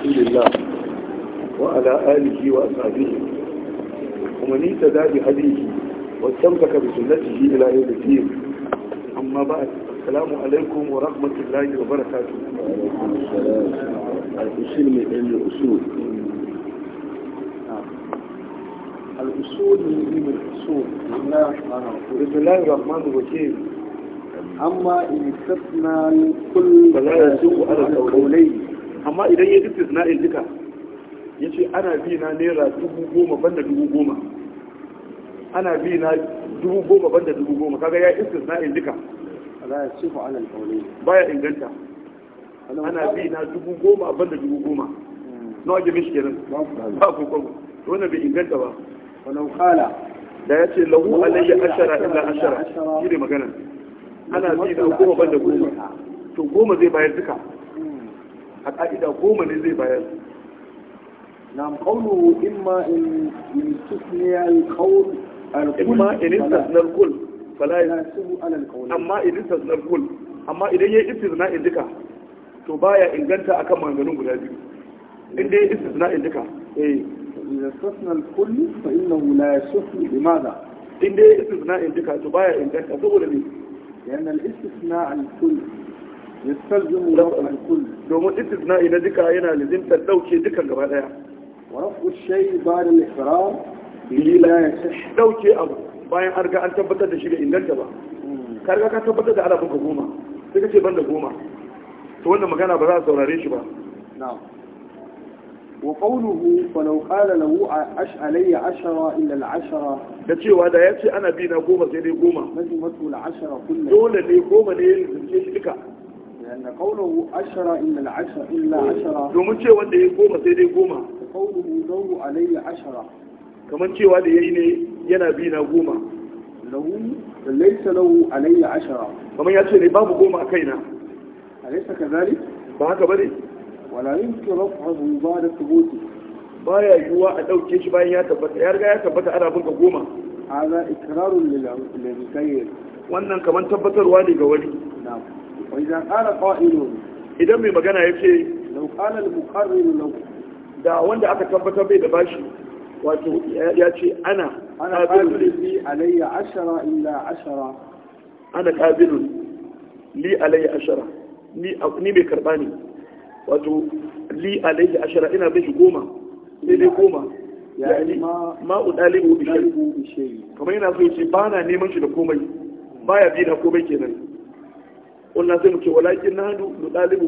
رسول الله وعلى آله وأصحابه ومن اهتدى بهديه واستمسك بسنته إلى يوم الدين أما بعد السلام عليكم ورحمة الله وبركاته الأصول من الأصول نعم. الأصول من الأصول بسم الله الرحمن الرحيم أما إن استثنى كل فلا يسوء على القولين amma idan ya ji in duka ya ce ana bi na naira dubu goma banda dubu goma ana bi na dubu goma banda dubu goma kaga ya in duka baya inganta ana bi na dubu goma banda dubu goma hmm. na wajen mishi kenan ba ku kwamu wannan bai inganta ba wannan kala da ya ce lahu alayya ashara illa ashara shi ne magana ana bi na goma banda goma to goma zai bayar duka a ƙa'ida goma ne zai bayar na kaunu imma in tusne alkaun alkul imma in tusne alkul fala ya tusu alkaun amma in tusne amma idan yayi istizna indika to baya inganta akan maganganun guda biyu in dai istizna indika eh in tusne alkul fa innahu la yusfu limada in dai istizna indika to baya inganta saboda ne yana al-istithna al-kull yastalzimu lahu al na duka yana lazimta dauke dukan gaba daya wa rafu ba'da al-ihram bi bayan an an tabbatar da shi da ba ka ka tabbatar da alaɓin ka goma ka ce ban da goma wannan magana ba za a saurare shi ba na'am wa qawluhu fa law qala lahu ash alayya ashara illa al ashara da cewa da yace ana bi na goma sai dai goma al ashara kullu dole ne goma ne ya zuke shi duka لأن قوله عشرة إلا العشرة إلا عشرة domin cewa da yayi goma sai dai goma قوله دور علي عشرة kaman cewa da yayi ne yana bi goma lahu laysa lahu alayya ashara kaman ya ce ne babu goma a kaina alaysa kadhalik ba haka bane wala yumkin raf'ahu ba'da thubuti baya yuwa a ɗauke shi bayan ya ya riga ya tabbata ana goma hadha wannan kaman tabbatarwa ne ga wani وإذا قال قائل إذا من مجانا يكي لو قال المقرر لو دا wanda aka tabbatar bai da bashi wato ya ce ana ana qabilun li alayya ashara illa ashara ana qabilun li alayya ashara ni ni bai karba ne wato li alayya ashara ina bai shi goma sai dai goma yani ma udalibu bi shay kamar yana so ya ce bana neman shi da komai baya bi da komai kenan Wannan sai muke ce walakin na hannu mu ɗalibu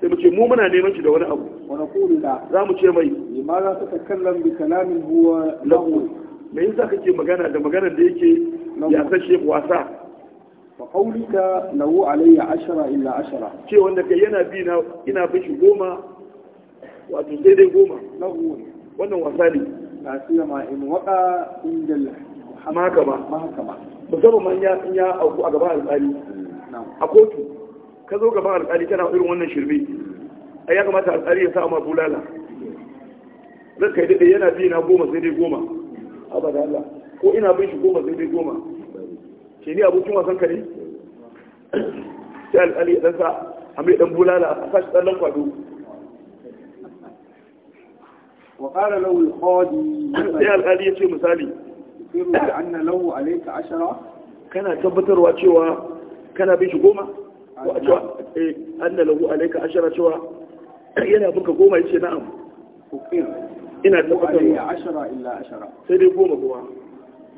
sai mu ce mu muna neman shi da wani abu wani kuri na za mu ce mai ma za ta takallan bi kalamin huwa lahu me yasa kake magana da maganar da yake ya sashe wasa fa qawlika lahu alayya ashara illa ashara ce wanda kai yana bi na ina bi shi goma wato sai dai goma lahu wannan wasa ne Na sai ma in waka inda mahakama mahakama musamman ya ya auku a gaban alƙali a kotu ka zo gaban alƙali tana irin wannan shirme ai ya kamata alƙali ya sa ma bulala zan kai daɗe yana bi na goma sai dai goma abada Allah ko ina bin shi goma sai dai goma ke ni abokin wasan kare sai alƙali ya sa, a mai ɗan bulala a sashi ɗan kwado وقال له القاضي يا القاضي يا مثالي يقول له عليك عشرة kana tabbatarwa cewa kana bin shi goma Allah eh, lahu alaika ashara cewa yana binka goma yace na'am ina tabbatar ya ashara illa ashara sai dai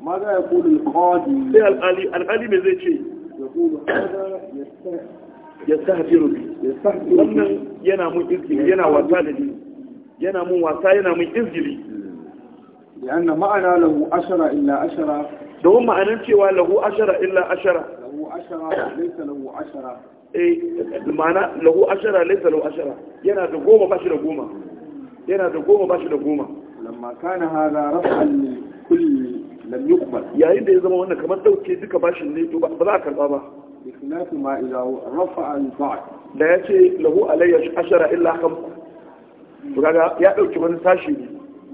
ماذا يقول القاضي سي الالي الالي ما زي شيء يقول هذا يستهدر بي يستهدر بي ينام إذن ينام وطالدي ينام وطالدي ينام إذن لأن معنى له أشرة إلا أشرة domin ma'anin cewa lahu ashara illa ashara lahu ashara laisa lahu ashara eh, ma'ana lahu ashara laisa lahu ashara yana da goma bashi da goma yana da goma bashi da goma lamma kana hada Rafa li kulli lam yuqbal yayin da ya zama wannan kamar dauke duka bashin ne to ba za a karba ba بخلاف ما إذا رفع البعض لا lahu له ashara illa إلا خمسة ya يا wani sashi ne.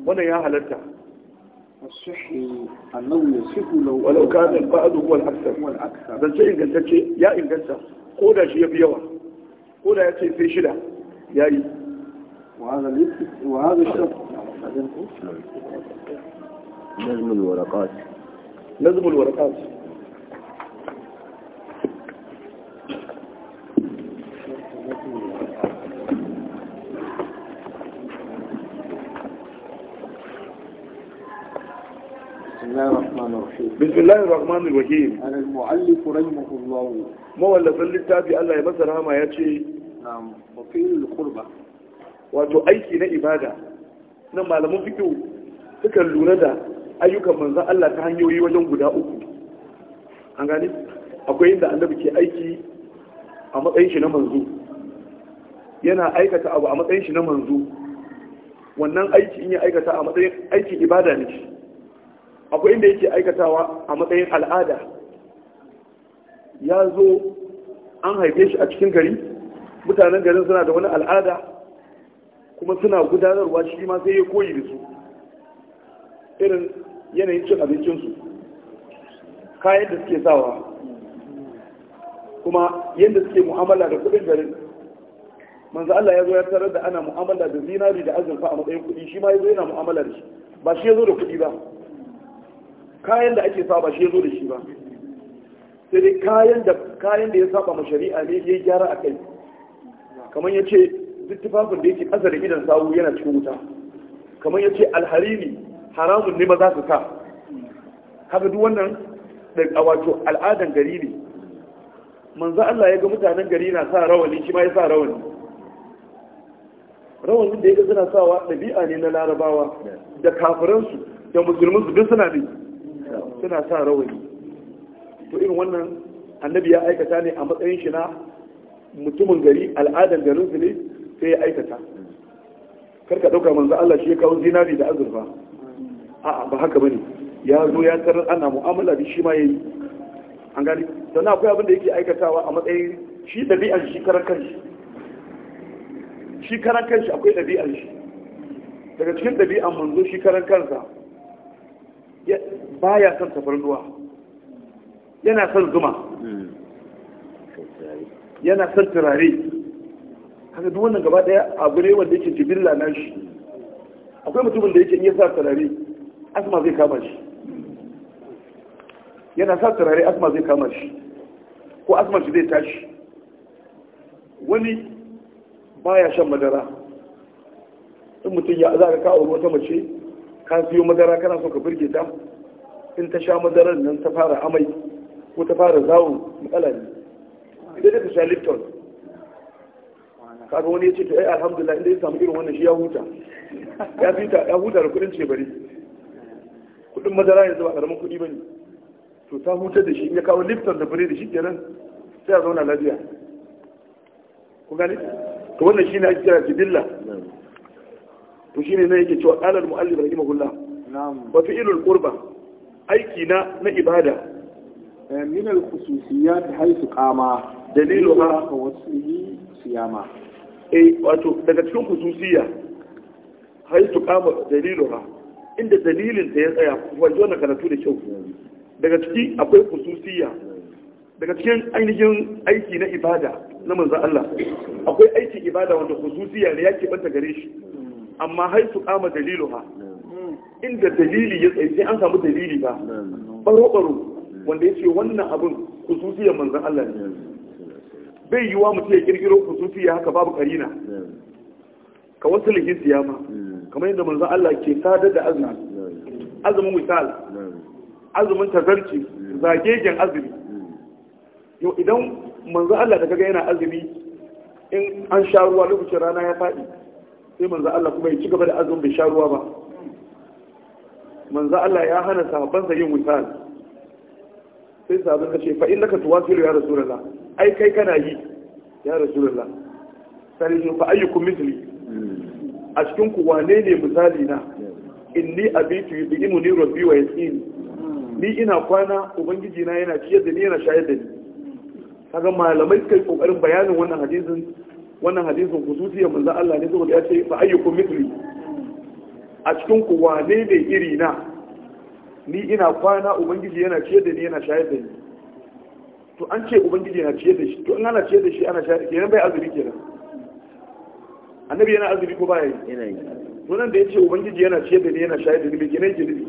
Wannan ya halarta. الصحي أنه يصح لو ولو كان البعض هو الأكثر هو الأكثر بس شيء قلت شيء يا إن قلت قولا شيء بيوا قولا يأتي في شدة يا وهذا وهذا الشرط لازم الورقات لازم الورقات بسم الله الرحمن الرحيم أنا المؤلف رحمه الله مولف للتابع الله يبصر ما يأتي نعم وفي القربة wato aiki na ibada na malaman فيكو suka lura da ayyukan manzan Allah ta hanyoyi wajen guda uku an gani akwai inda annabi ke aiki a matsayin shi na manzo yana aikata abu a matsayin shi na manzo wannan aiki in ya aikata a matsayin aikin ibada ne akwai inda yake aikatawa a matsayin al'ada ya zo an haife shi a cikin gari mutanen garin suna da wani al'ada kuma suna gudanarwa shi ma sai ya koyi da su irin yanayin cin abincinsu kayan da suke sawa kuma yadda suke mu'amala da kudin garin manzo Allah ya zo ya tarar da ana mu'amala da zinari da azurfa a matsayin kudi shi ma ya zo yana mu'amala da shi ba shi ya zo da kudi ba kayan da ake saba shi ya zo da shi ba sai dai kayan da kayan da ya saba ma shari'a ne ya gyara a kai kamar ya ce duk tufafin da yake ƙasa da gidan sawu yana cikin wuta kamar ya ce alhariri haramun ne ba za su sa haka duk wannan a wato al'adan gari ne manzo Allah ya ga mutanen gari na sa rawani shi ma ya sa rawani rawanin da ya ga suna sawa ɗabi'a ne na larabawa da kafiransu da musulmansu duk suna ne suna sa rawani to irin wannan annabi ya aikata ne a matsayin shi na mutumin gari al'adan garin su ne sai ya aikata karka dauka manzo Allah shi ya kawo zinari da azurfa a'a ba haka bane ya zo ya tarar ana mu'amala da shi ma yayi an gani na akwai abin da yake aikatawa a matsayin shi dabi'ar shi karan kanshi shi karan kanshi akwai dabi'ar shi daga cikin dabi'ar manzo shi karan kansa baya son tafarnuwa yana son zuma yana son turare haka duk wannan gaba daya abu ne wanda yake jibilla na shi akwai mutumin da yake iya sa turare asma zai kama shi yana sa turare asma zai kama shi ko asma shi zai tashi wani baya shan madara in mutum ya za ka kawo wata mace ka siyo madara kana so ka birge ta in ta sha madarar nan ta fara amai ko ta fara zawo matsala ne idan ka sha lipton kaga wani ya ce to ai alhamdulillah inda ya samu irin wannan shi ya huta ya fita ya huta da kudin cebari kudin madara yanzu ba karamin kudi bane to ta huta da shi in ya kawo lipton da bare da shi kenan sai a zauna lafiya ku ne? to wannan shine ake kira jibilla to shine ne yake cewa qala al-muallif rahimahullah na'am wa fi'lul qurba aiki na na ibada eh, min al-khususiyat haythu qama daliluha ka wasfihi siyama eh wato daga cikin khususiyya haythu qama daliluha inda dalilin da ya tsaya jona kana karatu da kyau daga ciki akwai khususiyya daga cikin ainihin aiki na ibada na manzan Allah akwai aikin ibada wanda khususiya ne ya keɓanta gare shi amma haisu kama ha inda dalili ya tsaye an samu dalili ba baro-baro wanda ya ce wannan abin kususiyar manzan Allah ne bai yi wa mutu ya kirkiro kususiya haka babu karina ka wasu ligin siyama kamar yadda manzan Allah ke sadar da azumi azumin misal azumin tazarci zagegen azumi yau idan manzan Allah da kaga yana azumi in an sha ruwa lokacin rana ya faɗi sai manzo Allah kuma ya ci gaba da azumin bai sha ruwa ba manzo Allah ya hana sahabbansa yin wuta. sai sahabban ka ce fa innaka tuwasilu ya rasulullah ai kai kana yi ya rasulullah sai ya fa ayyukum mithli a cikin ku wane ne misali na inni abitu yudimu ni rabbi wa yasini ni ina kwana ubangiji na yana ciyar da ni yana shayar da ni kaga malamai kai kokarin bayanin wannan hadisin wannan hadisin ya manzan Allah ne saboda ya ce fa ayyukum mithli a cikin ku wane ne iri na ni ina kwana ubangiji yana ciyar da ni yana shayar da ni to an ce ubangiji yana ciyar da shi to in ana ciyar da shi ana shayar da kenan bai azumi kenan annabi yana azumi ko baya yana yi to nan da yace ubangiji yana ciyar da ni yana shayar da ni bai kenan yake nufi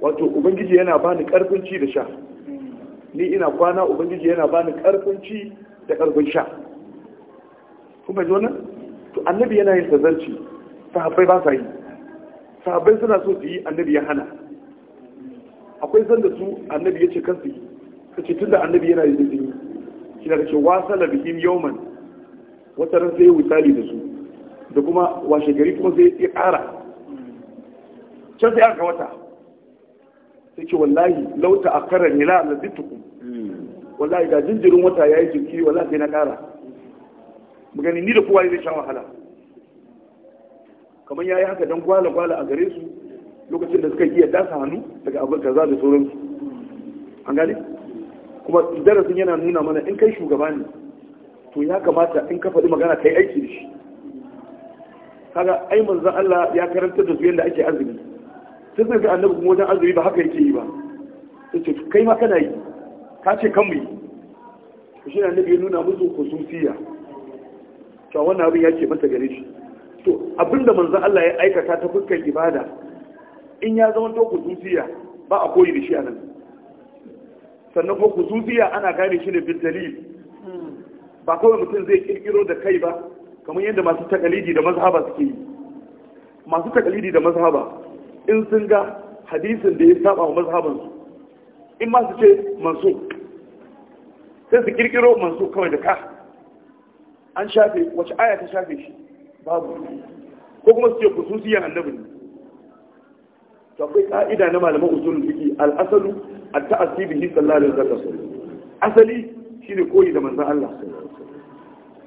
wato ubangiji yana bani karfin ci da sha ni ina kwana ubangiji yana bani karfin ci da karfin sha kuma ji wannan to annabi yana yin tazarci sahabbai ba sa yi sahabbai suna so su yi annabi ya hana akwai zan da su annabi ya ce kansu yi ka ce tunda annabi yana yi zai yi shi da ce wasa da bikin yauman wata ran sai ya wutali da su da kuma washe gari kuma sai ya ƙara can sai aka wata sai ce wallahi lauta a karar nila na zittuku hmm. wallahi ga jinjirin wata ya yi jinki wallahi sai na ƙara mu ni da kowa zai sha wahala kamar ya yi haka don gwala-gwala a gare su lokacin da suka iya dasa hannu daga abin kaza da su an gane kuma darasin yana nuna mana in kai shugaba ne to ya kamata in ka faɗi magana kai aiki da shi kaga ai manzan Allah ya karantar da su yadda ake azumi sai sai ga annabi kuma wajen azumi ba haka yake yi ba yace kai ma kana yi ka ce kan mu yi shi ne annabi ya nuna musu khususiyya cewa wannan abin ya ce masa gare shi to abinda manzo Allah ya aikata ta fuskar ibada in ya zama to kuzuziya ba a koyi da shi a nan sannan ko kuzuziya ana gane shi ne bintali ba kawai mutum zai kirkiro da kai ba kamar yadda masu takalidi da mazhaba suke yi masu takalidi da mazhaba in sun ga hadisin da ya saba wa su in ma su ce mansu sai su kirkiro mansu kawai da ka an shafe wace aya ta shafe shi babu ko kuma su ce khususiyan annabi ne to akwai ka'ida na malaman usulul fiqi al-asalu at-ta'assi bihi sallallahu alaihi wasallam asali shine koyi da manzon Allah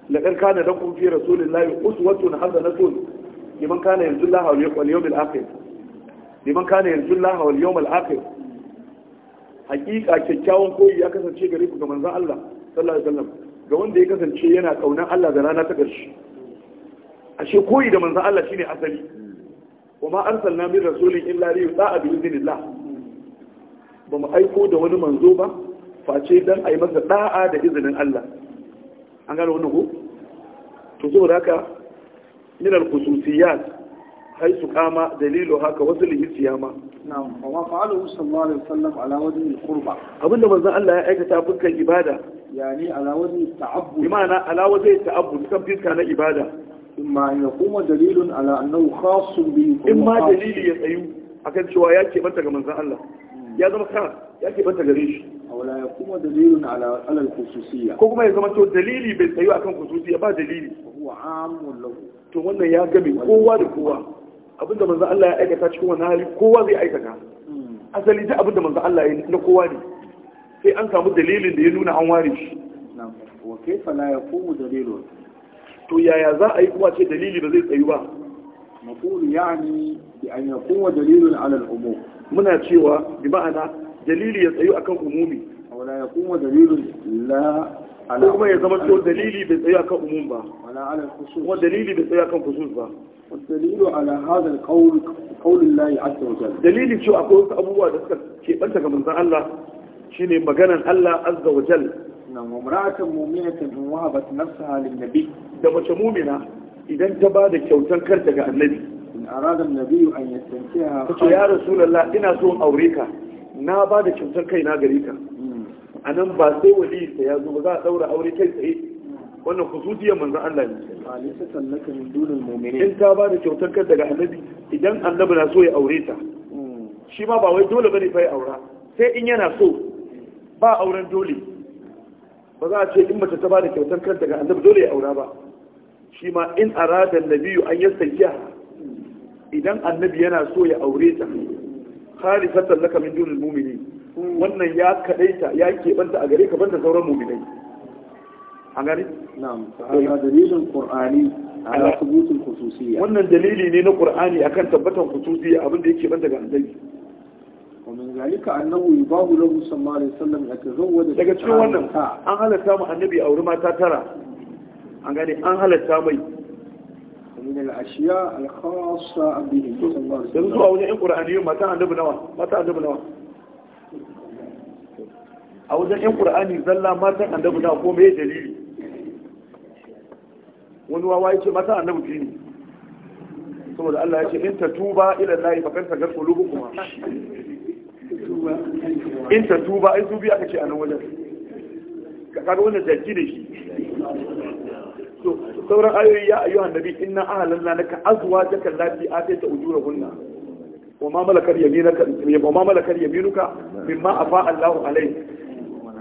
laqad kana lakum fi rasulillahi uswatun hasanatun liman kana yanzu Allah wal yawmil akhir liman kana yanzu Allah wal yawmil akhir hakika kyakkyawan koyi ya kasance gare ku ga manzon Allah sallallahu alaihi wasallam ga wanda ya kasance yana ƙaunar Allah da rana ta ƙarshe ashe koyi da manzan Allah shine asali wa ma arsalna min rasulin illa sa'a yuta'a bi La. ba mu aiko da wani manzo ba face dan ayi masa da'a da izinin Allah an gano wannan ko to saboda haka min al-khususiyat su kama dalilu haka wasu lihi siyama na'am wa fa'alu sallallahu alaihi wasallam ala wajhi al-qurba abinda manzon Allah ya aikata fuskan ibada yani ala wajhi ta'abbud bi ma'ana ala wajhi ta'abbud kan fiska na ibada imma an yakuma dalilun ala annahu khassun bi imma dalili ya tsayu akan cewa ya ke banta ga manzon Allah ya zama khas ya ke banta gare shi wala yakuma dalilun ala ala al-khususiyya ko kuma ya zama to dalili bai tsayu akan khususiyya ba dalili huwa amul lahu to wannan ya game kowa da kowa abinda manzo Allah ya aikata cikin wannan hali kowa zai aikata asali duk abinda manzo Allah ya na kowa ne sai an samu dalilin da ya nuna an ware shi wa kaifa la yaqumu dalilun to yaya za a yi kuma ce dalili ba zai tsayu ba ya yani bi an yakuna dalilun dalilin alal umum muna cewa bi ma'ana dalili ya tsayu akan umumi wala kuma dalilin la kuma ya zama to dalili bai tsaya kan umum ba kuma dalili bai tsaya kan khusus ba dalilu ala hada alqawl qawlin lahi azza wa jalla dalili cewa akwai wasu abubuwa da suka ke banta ga manzon Allah shine maganar Allah azza wa jalla nan wa mar'atan mu'minatan in wahabat nafsaha lin nabi da mace mu'mina idan ta ba da kyautar kar daga annabi in arada annabi an yastankiha ya rasulullah ina so in aure ka na ba da kyautar kaina gare ka a nan ba sai wali ya zo ba za a daura aure kai tsaye wannan khususiyar manzon Allah ne in ta ba da kyautar kar daga annabi idan annabi na so ya aure ta shi ma ba wai dole bane fa ya aura sai in yana so ba auren dole ba za a ce in mace ta ba da kyautar kar daga annabi dole ya aura ba shi ma in arada nabiyu an yi yastajiya idan annabi yana so ya aure ta khalifatan laka min dunil mu'minin wannan ya kadaita ya keɓanta a gari ka banda sauran mu'minai A gani na'am fa dalilin qur'ani ala thubutul khususiyya wannan dalili ne na qur'ani akan tabbatar khususiyya abin da yake banta ga annabi ومن ذلك أنه يباه له صلى الله عليه وسلم يتزوج daga cikin wannan an halatta mu annabi a wuri mata tara A gani an halatta mai min al-ashiya al-khassa bihi sallallahu alaihi wasallam yanzu a wajen qur'ani mata annabi nawa nawa a wajen yan ƙur'ani zalla matan annabi na ko mai dalili wani wawa ya ce matan annabi fi ne saboda Allah ya ce in ta tuba ila layi fa kan tagar kulubu kuma in ta tuba in tubi aka ce a nan wajen ka kaga wannan jaki da shi sauran ayoyi ya ayyuhan nabi inna ahlanna laka ka azuwa atayta ujurahunna wa ma malakat yaminuka wa ma malakat yaminuka mimma afa Allahu alai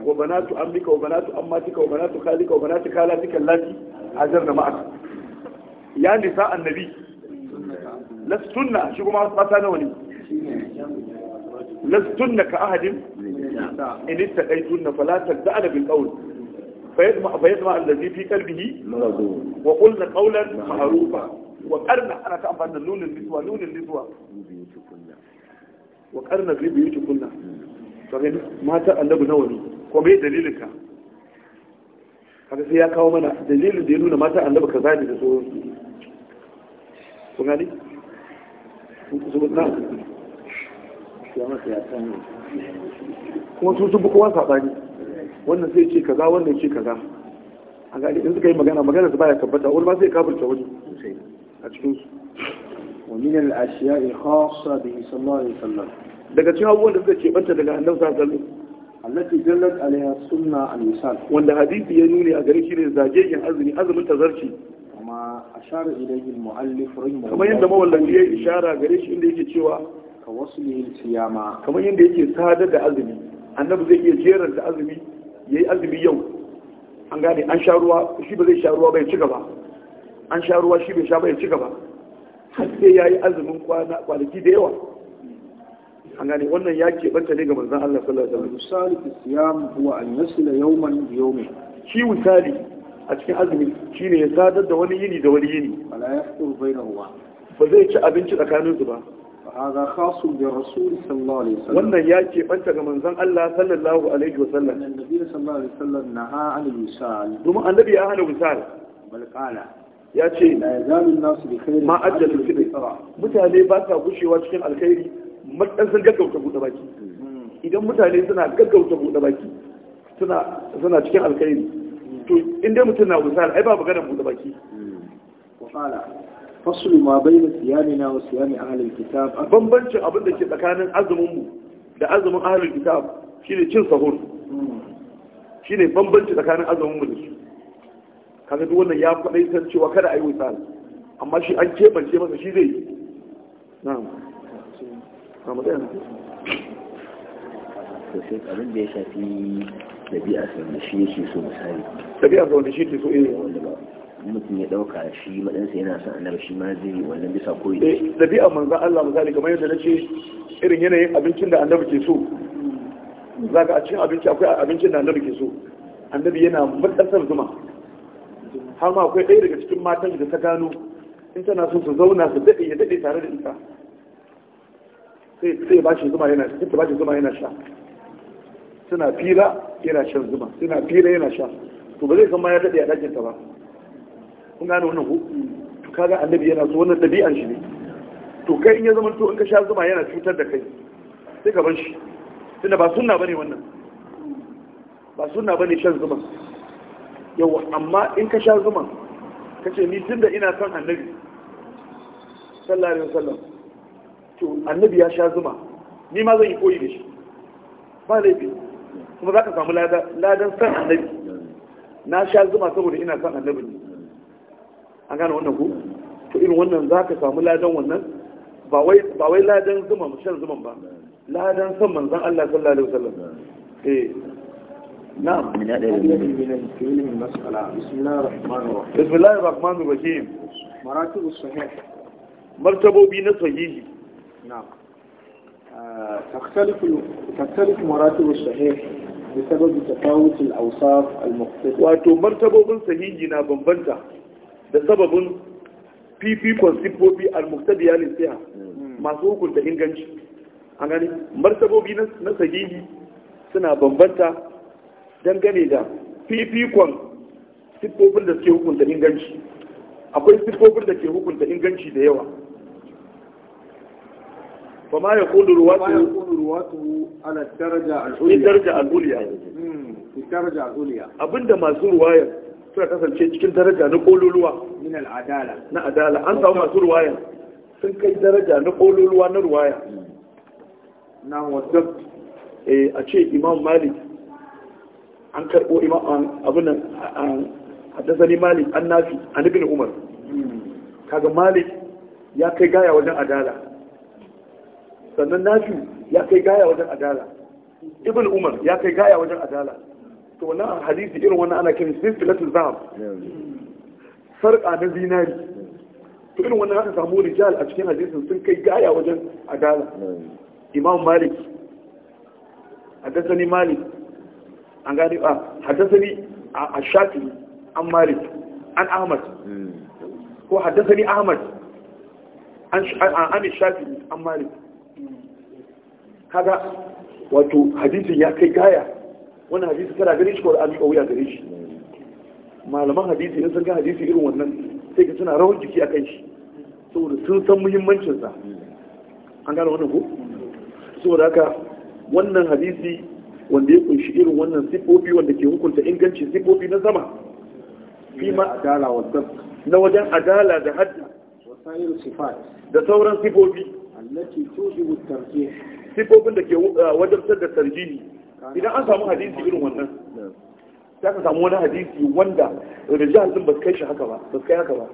wa banatu ammika wa banatu ammatika wa banatu khalika wa banatu khalatika allati ajarna ma'ak ya nisa annabi lastunna shi kuma mata nawa ne lastunna ka ahadin in ittaqaytunna fala tad'a bil qawl فيجمع فيجمع الذي في قلبه وقلنا قولا معروفا وقرنا انا كان بان نون النسوه نون النسوه وقرنا في بيوتكن kagani mata annabi nawa ne ko mai dalilin ka kaga sai ya kawo mana dalilin da ya nuna mata annabi kaza ne da sauran su kun gani na kuma su sun kowa saɓani wannan sai ce kaza wannan ce kaza a gani in suka yi magana magana su baya tabbata wani ma sai kafirta wani a cikin su ومن الأشياء الخاصة به صلى الله عليه وسلم daga cikin abubuwan da suka banta daga annabi sallallahu alaihi wasallam allati dallat alaiha sunna al-misal wanda hadisi ya nuni a gare shi ne zagegen azumi azumin tazarci amma ashara ilayhi al-muallif rahimahu kamar yadda mawallafi ya ishara gare shi inda yake cewa ka wasli al-siyama kamar yadda yake sadar da azumi annabi zai iya jerar da azumi yayi azumi yau an gane an sha ruwa shi ba zai sha ruwa ba ya ci gaba an sha ruwa shi bai sha ba ya ci gaba har sai yayi azumin kwana kwanaki da yawa an gane wannan ya keɓanta ne ga manzan Allah sallallahu alaihi wasallam misali siyam huwa an yasila yawman bi shi misali a cikin azumi shine ya sadar da wani yini da wani yini wala bainahuma ba zai ci abinci tsakanin su ba هذا wannan ya ce ga Manzan Allah sallallahu alaihi wasallam annabi sallallahu alaihi wasallam naha an annabi ya hana wisal bal qala ya ce ma ajjalu fi mutane ba sa gushewa cikin alkhairi matsan sun gaggauta buɗe baki idan mutane suna gaggauta buɗe baki suna cikin alkhairi to inda mutum na wusal ai ba maganar buɗe baki fasulu ma bayna siyamina wa siyami ahlul kitab bambancin abin da ke tsakanin azumin mu da azumin ahlul kitab shine cin sahur shine bambanci tsakanin azumin mu da su kaga duk wannan ya faɗaitar cewa kada a yi wusal amma shi an kebance masa shi zai yi na'am sosai abin da ya shafi ɗabi'a da shi yake so misali ɗabi'a wanda shi ke so eh wanda ba mutum ya dauka shi maɗansa yana son annabi shi ma zai wannan bisa koyi eh ɗabi'a manzan Allah misali kamar yadda na ce irin yanayin abincin da annabi ke so za ka a cikin abinci akwai abincin da annabi ke so annabi yana matsar zuma har ma akwai ɗaya daga cikin matan da ta gano in tana so su zauna su daɗe ya daɗe tare da ita sai ba shi zuma yana sha ba shi zuma yana sha suna fira yana shan zuma suna fira yana sha to ba zai san ma ya dade a dakin ta ba kun gane wannan ku to kaga annabi yana so wannan dabi'an shi ne to kai in ya zama to in ka sha zuma yana cutar da kai sai ka bar shi tunda ba sunna bane wannan ba sunna bane shan zuma yawa amma in ka sha zuma kace ni tunda ina son annabi sallallahu alaihi wasallam to annabi ya sha zuma ni ma zan yi koyi da shi ba laifi kuma za ka samu ladan san annabi na sha zuma saboda ina san annabi ne an gane wannan ku to irin wannan za ka samu ladan wannan ba wai ladan zuma shan zuman ba ladan san manzan Allah sallallahu alaihi wasallam eh نعم من المسألة بسم الله الرحمن الرحيم بسم الله الرحمن الرحيم مراتب الصحيح مرتبه بين صحيح نعم تختلف تختلف مراتب الصحيح بسبب تفاوت wato martabobin sahihi na bambanta da sababin fifikon siffofi al-muqtadiya ne masu hukunta inganci martabobi na sahihi suna bambanta dangane da fifikon siffofin da suke hukunta inganci akwai siffofin da ke hukunta inganci da yawa وما يكون رواته على الدرجة العليا الدرجة العليا الدرجة العليا أبدا ما زور رواية suka kasance cikin daraja na ƙololuwa min al'adala na adala an samu masu ruwaya sun kai daraja na ƙololuwa na ruwaya na wadab a ce imam malik an karbo imam abin nan an haddasani malik an nafi an ibn umar kaga malik ya kai gaya wajen adala sannan nafi ya kai gaya wajen adala ibn umar ya kai gaya wajen adala to wannan hadisi irin wannan ana kiran silsilatul zahab sarƙa na zinari to irin wannan aka samu rijal a cikin hadisin sun kai gaya wajen adala imam malik haddathani malik an gani a ah, haddathani a ah, shafi an malik an ahmad ko haddathani ahmad an ah, shafi an malik kaga wato hadisin ya kai gaya wani hadisi kada gare shi ko an miƙa wuya gare shi malaman hadisi ne sun ga hadisi irin wannan sai ka suna rawar jiki a kan shi saboda sun san muhimmancinsa an gane wannan ko saboda haka wannan hadisi wanda ya kunshi irin wannan sifofi wanda ke hukunta inganci sifofi na zama ma adala na wajen adala da hadda da sauran sifofi التي توجب الترجيح sifofin da ke eh, wajabtar da tarjihi idan an samu hadisi irin wannan za ka samu wani hadisi wanda rijal din ba kai kai haka ba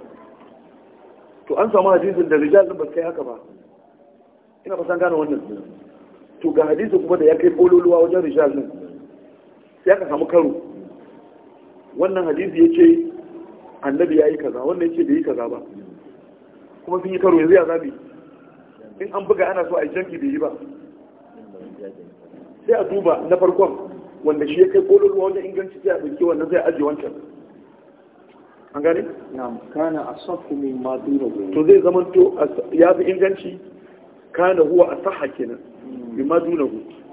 to an samu hadisin da rijal din ba kai haka ba ina gane wannan to ga hadisi kuma da ya kai kololuwa wajen rijal din sai aka samu karo wannan hadisi ya annabi ya kaza wannan ya ce bai yi kaza ba kuma sun yi karo yanzu ya zabi in an buga ana so a yi jam'i bai yi ba sai a duba na farkon wanda shi ya kai kololuwa wajen inganci sai a ɗauki wannan sai a ajiye wancan an gane? na'am kana asafu min ma duna to zai zama to ya fi inganci kana huwa saha kenan min ma duna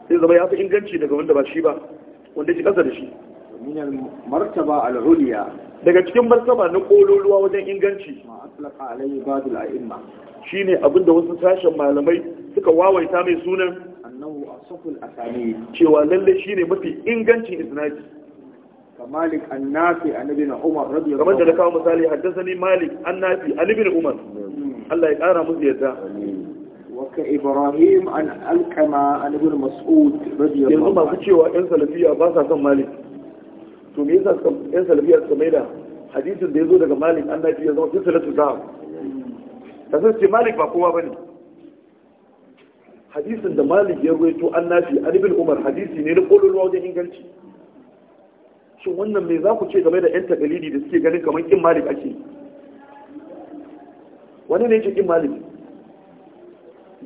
zai zama ya fi inganci daga wanda ba shi ba wanda shi ƙasa da shi min martaba al-uliya daga cikin martaba na kololuwa wajen inganci aslaqa alayhi ba'd shine abinda wasu sashen malamai suka wawaita mai sunan annahu asaful asani cewa lalle shine mafi ingancin isnadi kamalik annafi an ibn umar radiyallahu anhu kamar da kawo misali haddathani umar hmm. Allah ya kara musu yadda yanzu masu cewa yan salafiya ba sa son malik hadisin da ya zo daga malik an nafi ya zama sun salatu zahab da sun ce malik ba kowa ba ne hadisin da malik ya ruwaito an nafi an ibn umar hadisi ne na kololuwa wajen inganci shin wannan me za ku ce game da yan takalidi da suke ganin kamar kin malik ake wani ne ce kin malik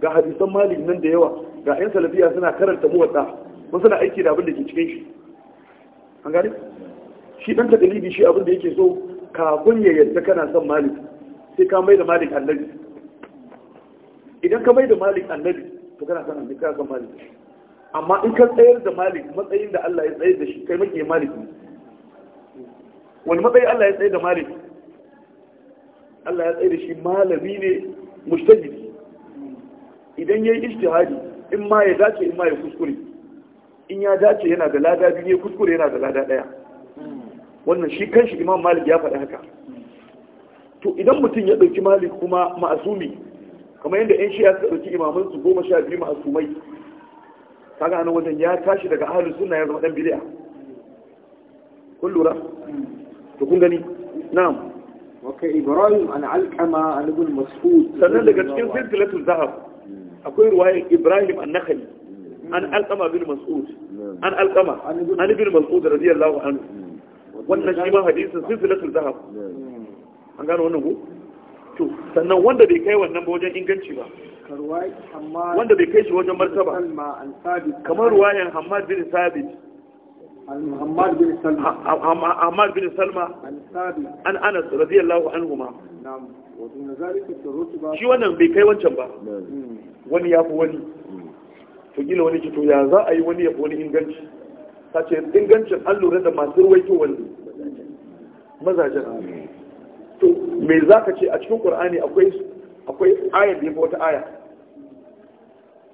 ga hadisan malik nan da yawa ga yan salafiya suna karanta muwatta mun suna aiki da abin da ke cikin shi an shi ɗan taqlidi shi abin da yake so kafin ya yadda kana son malik sai ka mai da malik annabi idan ka mai da malik annabi to kana son annabi kana son malik amma in ka tsayar da malik matsayin da Allah ya tsayar da shi kai maki malik wani matsayi Allah ya tsayar da malik Allah ya tsayar da shi malami ne mustajidi idan yayi ijtihadi in ma ya dace in ma ya kuskure in ya dace yana da lada biyu kuskure yana da lada daya wannan shi kanshi imam malik ya faɗi haka to idan mutum ya ɗauki malik kuma ma'asumi kamar yadda yan shiya suka ɗauki su goma sha biyu ma'asumai ga ana wajen ya tashi daga ahalin suna ya zama ɗan bidiya kun lura to kun gani na'am Waka ibrahim an alkama an ibn mas'ud sannan daga cikin silsilatul zahab akwai ruwayar ibrahim an nakhli an alkama bin mas'ud an alkama an ibn mas'ud radiyallahu anhu wannan shi ma hadisin silsilatul zahab an gano wannan ku? to sannan wanda bai kai wannan ba wajen inganci ba wanda bai kai shi wajen martaba kamar ruwayan hamad bin sabit hamad bin salma an anas radiyallahu anhuma shi wannan bai kai wancan ba hmm. wani ya fi wani to gina wani kito ya za a yi wani ya fi wani inganci ta ce ingancin an lura da masu ruwaito wani mazajen to me za ka ce a cikin ƙur'ani akwai ayar da ya fi wata aya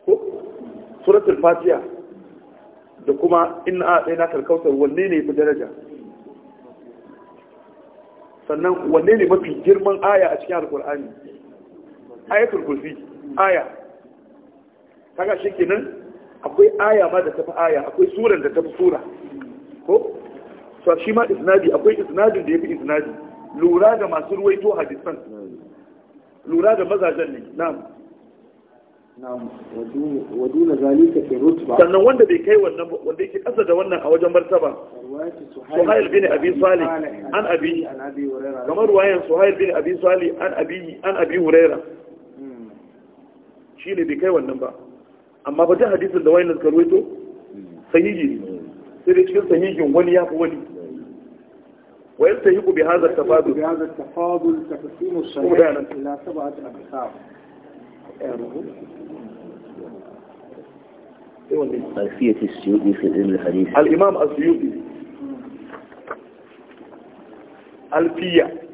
ko suratul fatiya da kuma ina a tsaye na karkautar wanne ne ya fi daraja sannan wanne ne mafi girman aya a cikin alƙur'ani ayatul kursi aya kaga shi kenan akwai aya ma da tafi aya akwai suran da tafi sura ko to shi ma isnadi akwai isnadin da yafi isnadi lura da masu ruwaito hadisan lura da mazajen ne na'am na'am waduna zalika fi rutba sannan wanda bai kai wannan ba. wanda yake kasa da wannan a wajen martaba suhail bin abi salih an abi kamar ruwayan suhail bin abi salih an abi an abi huraira hmm. shine bai kai wannan ba amma ba ta hadisin da wayan suka ruwaito hmm. sahihi sai dai cikin sahihin wani ya fi wani ويلتهق بهذا التفاضل بهذا التفاضل تقسيم الصحيح إلى سبعة أقسام ألفية السيوطي في العلم الحديث الإمام السيوطي ألفية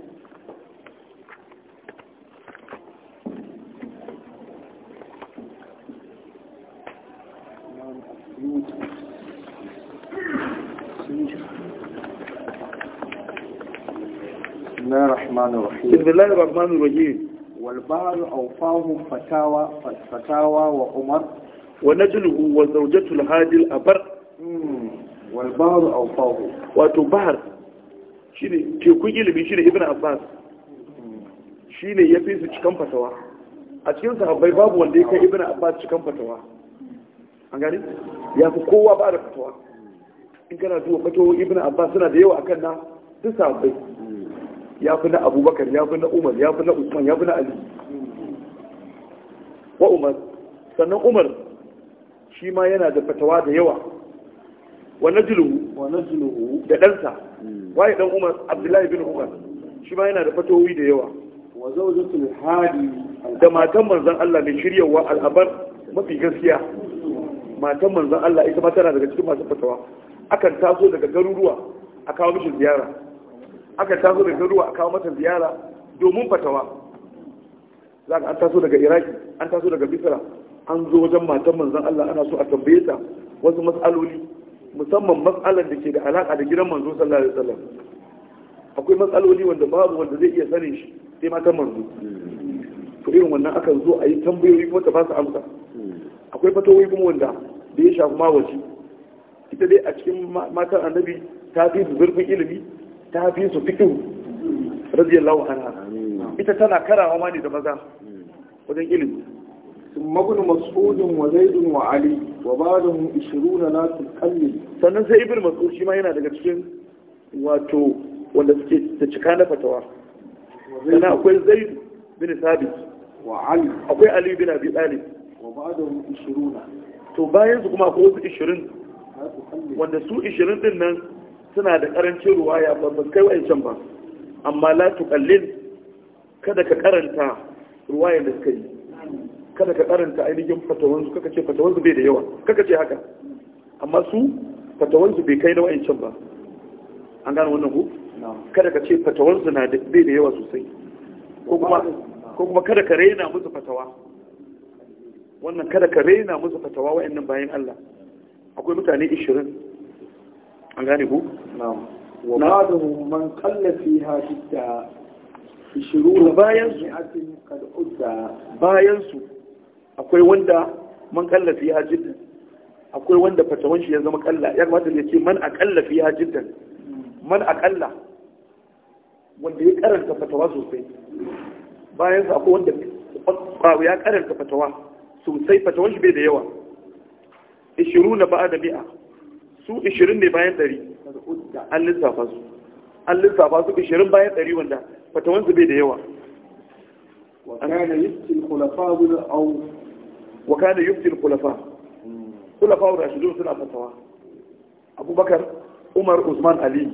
bismillahir rahmanir rahim wal bahru awfahu fatawa fatawa wa umar wa najluhu wa zawjatu al hadil abar hmm. wal bahru awfahu wato bahar tekun ilimi shine ibnu abbas shine yafi su cikan fatawa a cikin sahabbai babu wanda ya kai ibnu abbas cikan fatawa ya fi kowa ba da fatawa in kana duba fatawa ibnu abbas suna da yawa akan na duk sahabbai ya fi na abubakar ya fi na umar ya fi na usman ya fi na ali wa umar sannan umar shi ma yana da fatawa da yawa wa najluhu da ɗansa waye dan umar abdullahi bin umar shi ma yana da fatawoyi da yawa wa zawjatul hadi da matan manzon Allah mai shiryawa al'abar mafi gaskiya matan manzon Allah ita ma tana daga cikin masu fatawa akan taso daga garuruwa a kawo mishi ziyara aka taso daga garuwa a kawo mata ziyara domin fatawa za ka an taso daga iraki an taso daga bisra an zo wajen matan manzan allah ana so a tambaye ta wasu matsaloli musamman matsalar da ke da alaƙa da gidan manzo sallallahu alaihi wasallam akwai matsaloli wanda babu wanda zai iya sanin shi sai matan manzo to irin wannan akan zo a yi tambayoyi kuma ta ba su amsa akwai fatawoyi kuma wanda da ya shafi mawaci ita dai a cikin matan annabi ta fi zurfin ilimi ta fi su fikin radiyallahu anha ita tana karawa ma ne da maza wajen ilimi Sun mas'udin wa wa Ali. وزيد mu ishiru na nasu kalli. sannan sai ibin masu shi ma yana daga cikin wato wanda suke ta cika na fatawa sannan akwai zaid bin sabit wa ali akwai ali bin abi talib wa ishiru na to bayan su kuma akwai wasu ishirin wanda su ishirin din nan suna da karancin ruwaya ba ba kai wa'ancan ba amma la tuqallil kada ka karanta ruwayar da suka yi kada ka karanta ainihin fatawansu kaka ce fatawansu bai da yawa kaka ce haka amma su fatawansu bai kai na wa'ancan ba an gane wannan ku kada ka ce fatawansu na bai da yawa sosai ko kuma kada ka raina musu fatawa wannan kada ka raina musu fatawa wa'annan bayan Allah akwai mutane 20 an gane ku na'am wa ba'dahu man qalla fiha hidda ishirun bayan su bayan su akwai wanda man qalla fiha jiddan akwai wanda fatawan shi ya zama kalla ya kamata ya ce man aqalla fiha jiddan hmm. man aqalla wanda ya karanta fatawa sosai bayan su akwai wanda ya karanta fatawa sosai fatawan shi bai da yawa ishiru na ba'a da bi'a su 20 ne bayan 100 an lissafa su an lissafa su 20 bayan 100 wanda fatawansu bai da yawa wa kana yufti al-khulafa khulafa rashidu suna fatawa abubakar umar usman ali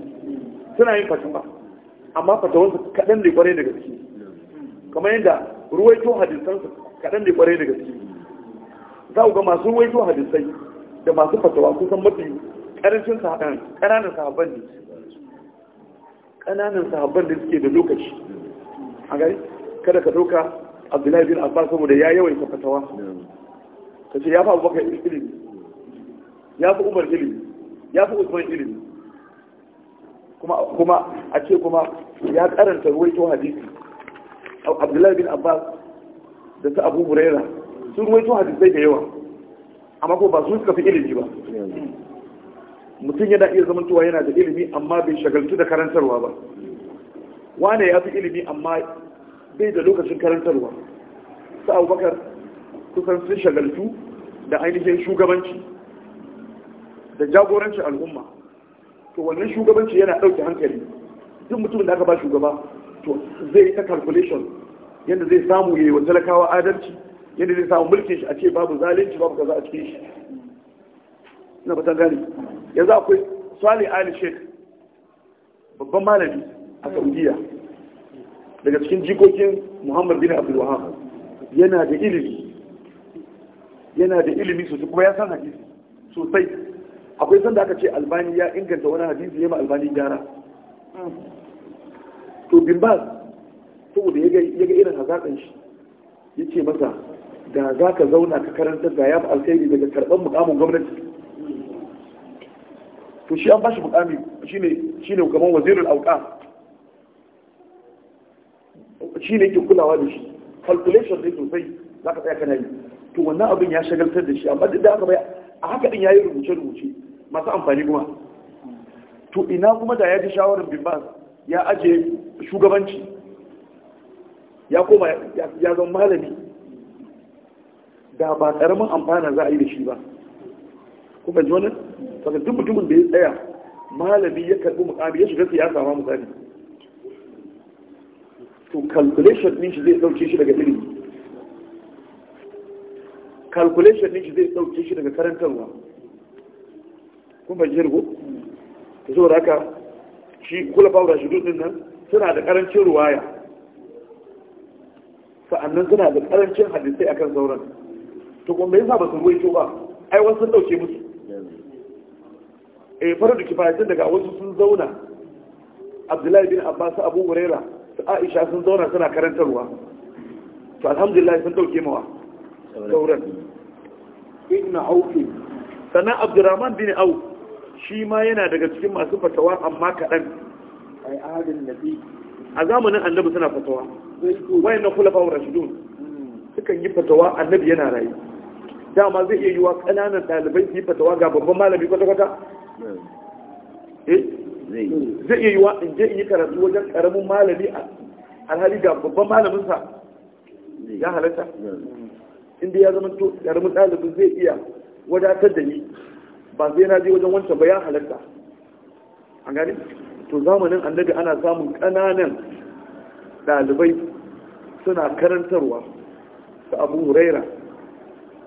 suna yin fatawa amma fatawansu kaɗan ne kwarai da gaske kamar yadda ruwaito hadisansu kaɗan ne kwarai da gaske za ku ga masu ruwaito hadisai da masu fatawa kusan mafi ƙarancin sahabban ƙananan sahabban ne ƙananan sahabban da suke da lokaci a gari kada ka ɗauka abdullahi bin abbas saboda ya yawan ka fatawa ka ce ya fi abubakar ilimi ya fi umar ilimi ya fi usman ilimi kuma a ce kuma ya karanta to hadisi abdullahi bin abbas da ta abu huraira sun to hadisai da yawa amma ko ba su suka fi ilimi ba mutum yana iya cewa yana da ilimi amma bai shagaltu da karantarwa ba wane ya fi ilimi amma bai da lokacin karantarwa su abubakar kusan sun shagaltu da ainihin shugabanci da jagorancin al'umma to wannan shugabanci yana ɗauke hankali duk mutumin da aka ba shugaba to zai yi ta calculation yadda zai samu yayi wa talakawa adalci yadda zai samu mulkin shi a ce babu zalunci babu kaza a cikin shi ina fatan gani yanzu akwai swali ali sheik babban malami a saudiya daga cikin jikokin muhammad bin abdul wahab yana da ilimi yana da ilimi sosai kuma ya san hadisi sosai akwai sanda aka ce albani ya inganta wani hadisi ya ma albani gyara to bin ba saboda ya ga irin hazaƙan shi ya ce masa da za ka zauna ka karanta da ya fi alkhairi daga karɓar mukamin gwamnati to shi an bashi mukami shine shine gaban wazirul Shi shine yake kulawa da shi calculation ne sosai zaka tsaya kana yi to wannan abin ya shagaltar da shi amma duk da haka bai a haka din yayi rubuce rubuce masu amfani kuma to ina kuma da ya ji shawarar bin bas ya aje shugabanci ya koma ya zama malami da ba karamin amfana za a yi da shi ba Kuma ji wani saka duk mutumin da ya tsaya malami ya karbi mukami ya shiga siyasa ma misali to calculation din shi zai dauke shi daga ilimi calculation din shi zai dauke shi daga karantarwa kuma ji ko to saboda haka shi kula fa'ura shi din nan suna da karancin ruwaya sa'annan suna da karancin hadisai akan sauran to kuma me yasa ba su ruwaito ba ai wasu dauke musu a eh, farar da kifayatin daga wasu sun zauna abdullahi bin abbas abu wurera su aisha sun zauna suna karantarwa to alhamdulillah sun dauke mawa sauran ibn aufi sannan abdurrahman bin au shi ma yana daga cikin masu fatawa amma kaɗan a zamanin annabi suna fatawa wayan na kula fawar rashidun hmm. sukan yi fatawa annabi yana rayu dama zai iya yiwa ƙananan ɗalibai su yi fatawa ga babban malami kwata-kwata eh? zai iya yiwa in je in yi karatu wajen ƙaramin malami alhali ga babban malaminsa ya halatta inda ya zama ƙaramin ɗalibin zai iya wadatar da ni ba sai na je wajen wancan ba ya halatta an gani to zamanin annabi ana samun ƙananan ɗalibai suna karantarwa su abu huraira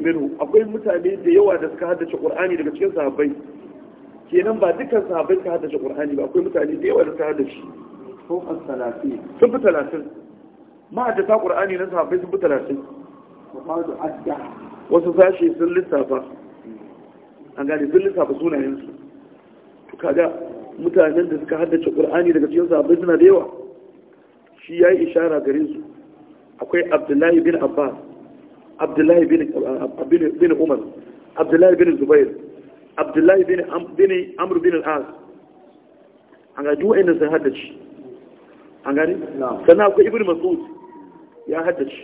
minhu akwai mutane da yawa da suka haddace qur'ani daga cikin sahabbai kenan ba dukkan sahabbai suka haddace qur'ani ba akwai mutane da yawa da suka haddace ko an talatin sun fi talatin ma'addata qur'ani na sahabbai sun fi talatin wasu sashi sun lissafa an gane sun lissafa sunayensu to kaga mutanen da suka haddace qur'ani daga cikin sahabbai suna da yawa shi yayi ishara gare su akwai abdullahi bin abbas abdullahi uh, bin umar abdullahi bin zubair abdullahi bin amr bin al'as an gaji wa'inda sun haddace an gani sannan akwai ibn masud ya haddace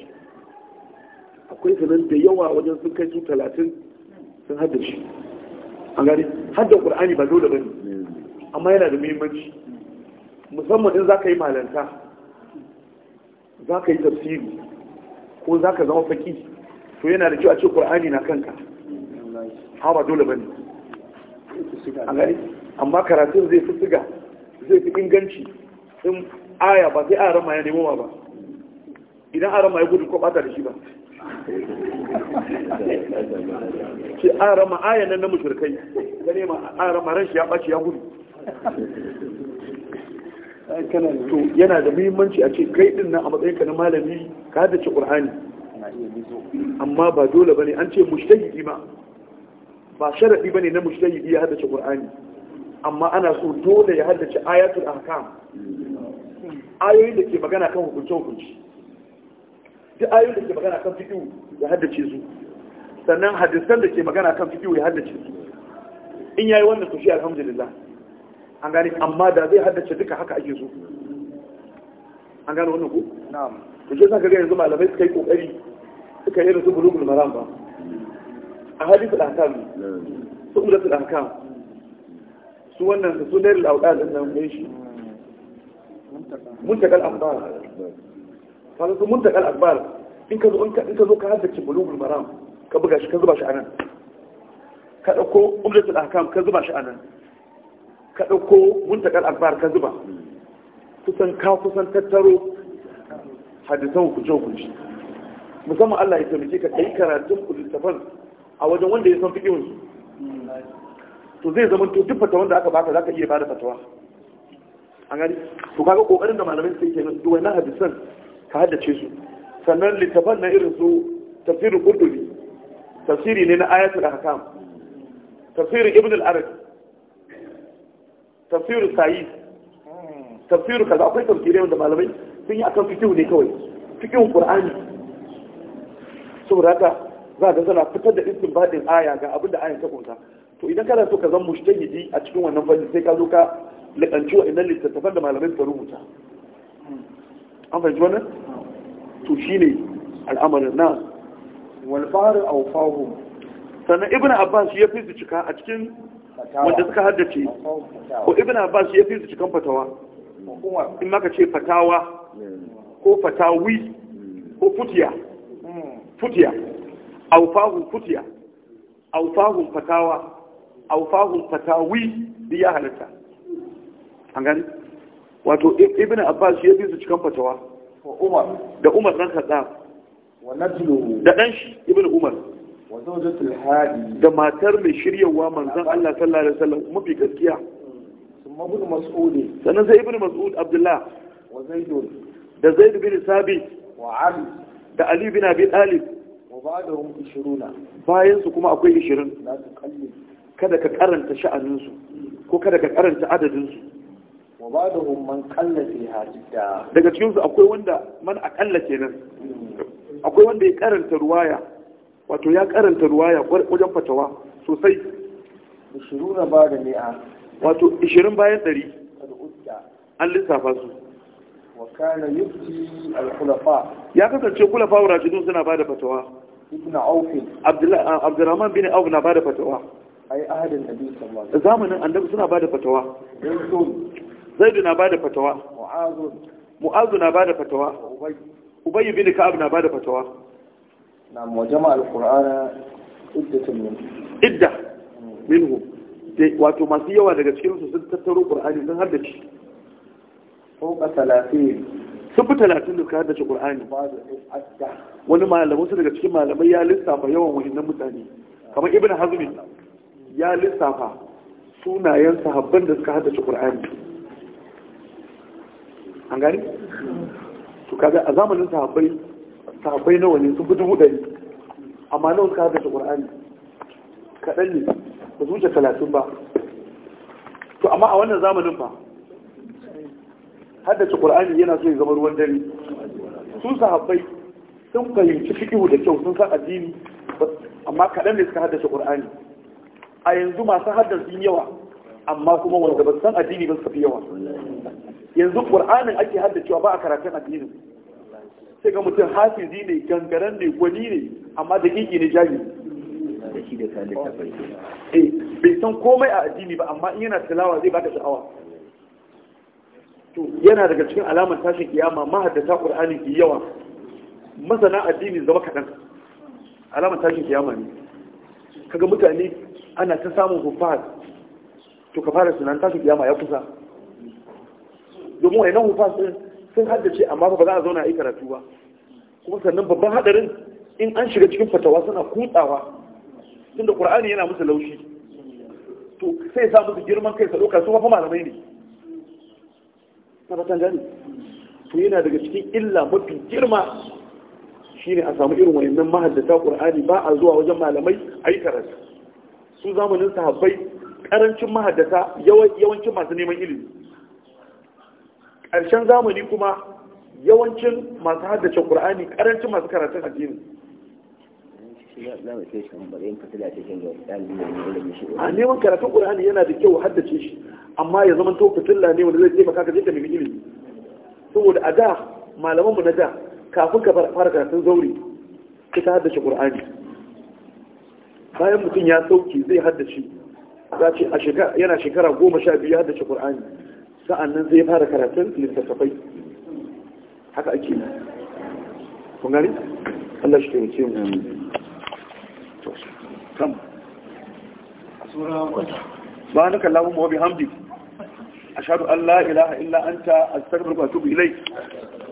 akwai sanan da yawa wajen sun kai su sun haddace an gani hadda ƙur'ani ba dole ba ne amma yana da muhimmanci musamman in za ka yi malanta za ka yi tafsiri ko za ka zama fakir to yana da kyau a ce ƙur'ani na kanka dole ba ne, amma karatun zai fi siga zai fi inganci in aya ba sai arama ya nemo ba idan arama ya gudu ko bata da shi ba ce arama aya nan na mushrikai gane ma arama ran shi ya ɓace ya gudu to yana da muhimmanci a ce kai din nan a matsayinka na malami ka haddace ƙur'ani. amma ba dole bane an ce mushtahidi ma ba sharadi bane na mushtahidi ya haddace qur'ani amma ana so dole ya haddace ayatul ahkam ayoyin da ke magana kan hukunce hukunci duk ayoyin da ke magana kan fiqh ya haddace su sannan hadisan da ke magana kan fiqh ya haddace su in yayi wannan to shi alhamdulillah an gane amma da zai haddace duka haka ake so an gane wannan ko na'am to shi yasa kaga yanzu malamai suka yi kokari suka yi rasu bulugul maram ba a hadisul ahkam su ulatul ahkam su wannan su sunan al-awdad din nan ne shi muntakal akhbar kaga su muntakal akhbar in ka zo in ka zo ka haddace bulugul maram ka buga shi ka zuba shi a nan ka dauko ulatul ahkam ka zuba shi a nan ka dauko muntakal akhbar ka zuba hmm. kusan ka kusan tattaro hadisan hukunce hukunce musamman Allah ya taimake ka kai karatun littafan a wajen wanda ya san fiƙin su to zai zama to duk fata wanda aka baka zaka iya bada fatawa an gani to kaga kokarin da malamin sai ke nan duwai na hadisan ka haddace su sannan littafan na irin su tafsirin qurtubi tafsiri ne na ayatul ahkam tafsirin ibn al-arabi tafsirin sa'id tafsirin kaza akwai tafsirai da malamai sun yi akan fiqh ne kawai fiqh qur'ani saboda haka za ka zana fitar da baɗin aya ga abin da ayan ta kunsa to idan kana so ka zama mujtahidi a cikin wannan fannin, sai ka zo ka lakanci wa'annan littattafan da malamai suka rubuta an fahimci wannan to shine al'amarin na wal fahr aw fahu sannan ibn abbas ya fi cika a cikin wanda suka haddace ko ibn abbas ya fi cikan fatawa in maka ce fatawa ko fatawi ko futiya futiya aufahun futiya aufahun fatawa aufahun fatawi duk ya halatta an gani wato ibn abbas ya bi su cikin fatawa da umar ran kaza da dan shi ibn umar da matar mai shiryawa manzon Allah sallallahu alaihi wasallam mafi gaskiya sannan sai ibn mas'ud abdullah da zaid bin sabit wa ali da Ali bin Abi Talib wa ba'dahum 20 bayan su kuma akwai 20 kada ka karanta sha'anin su ko kada ka karanta adadin su wa ba'dahum man qalla fi hajjata daga cikin su akwai wanda man aqalla kenan akwai wanda ya karanta ruwaya wato ya karanta ruwaya wajen fatawa sosai 20 ba da ni'a wato 20 bayan 100 an lissafa su wakana yufti al-khulafa ya kasance khulafa wa rashidun suna bada fatawa ibn auf abdullah ah, abdurrahman bin auf na bada fatawa ai ahadin nabi sallallahu alaihi wasallam zamanin annabi suna bada fatawa zaidu na bada fatawa mu'azu mu'azu na bada fatawa ubay bin ka'ab na bada fatawa na mujama al-qur'ana iddatun min idda hmm. minhu wato masu yawa daga cikin su sun tattaro qur'ani sun haddace fauka talatin sun talatin da suka haddace qur'ani wani malamin su daga cikin malamai ya lissafa yawan wahinnan mutane kamar ibn hazmi ya lissafa sunayen sahabban da suka haddace qur'ani an gani to kaga a zamanin sahabbai sahabbai nawa ne sun fi dubu ɗari amma nawa suka haddace qur'ani kaɗan ne ba su wuce talatin ba to amma a wannan zamanin ba haddace qur'ani yana so ya zama ruwan dare sun sahabbai sun fahimci fiqhu da kyau sun san addini amma kaɗan ne suka haddace qur'ani a yanzu masu sun yawa amma kuma wanda ba san addini ba su fi yawa yanzu qur'anin ake haddacewa ba a karatun addinin sai ga mutum hafizi ne gangaren ne gwani ne amma da kiki ne jami bai san komai a addini ba amma in yana tilawa zai baka sha'awa to yana daga cikin alamar tashin kiyama mahaddata qur'ani ki yawa masana addini zama kadan alamar tashin kiyama ne kaga mutane ana ta samun hufaz to ka fara sunan tashin kiyama ya kusa domin nan hufaz sun haddace amma ba za a zauna a yi karatu ba kuma sannan babban hadarin in an shiga cikin fatawa suna kutsawa tunda qur'ani yana musu laushi to sai sa musu girman kai sa doka su fa malamai ne na fatan to yana daga cikin illa mafi girma shine a samu irin wayannan mahaddata qur'ani ba a zuwa wajen malamai ayi karatu su zamanin sahabbai karancin mahaddata yawancin masu neman ilimi ƙarshen zamani kuma yawancin masu haddace ƙur'ani karancin masu karatun addini a neman karatun ƙur'ani yana da kyau haddace shi amma ya zama to fitilla ne wanda zai taimaka ka je ka ilimi saboda a da malamanmu na da kafin ka fara karatun zaure sai ka haddace ƙur'ani bayan mutum ya sauke zai haddace za ce yana shekara goma sha biyu ya haddace ƙur'ani nan zai fara karatun littattafai haka ake kun gani Allah shi taimake mu kam subhanaka allahumma wa bihamdik ashhadu an ilaha illa anta astaghfiruka wa atubu ilayk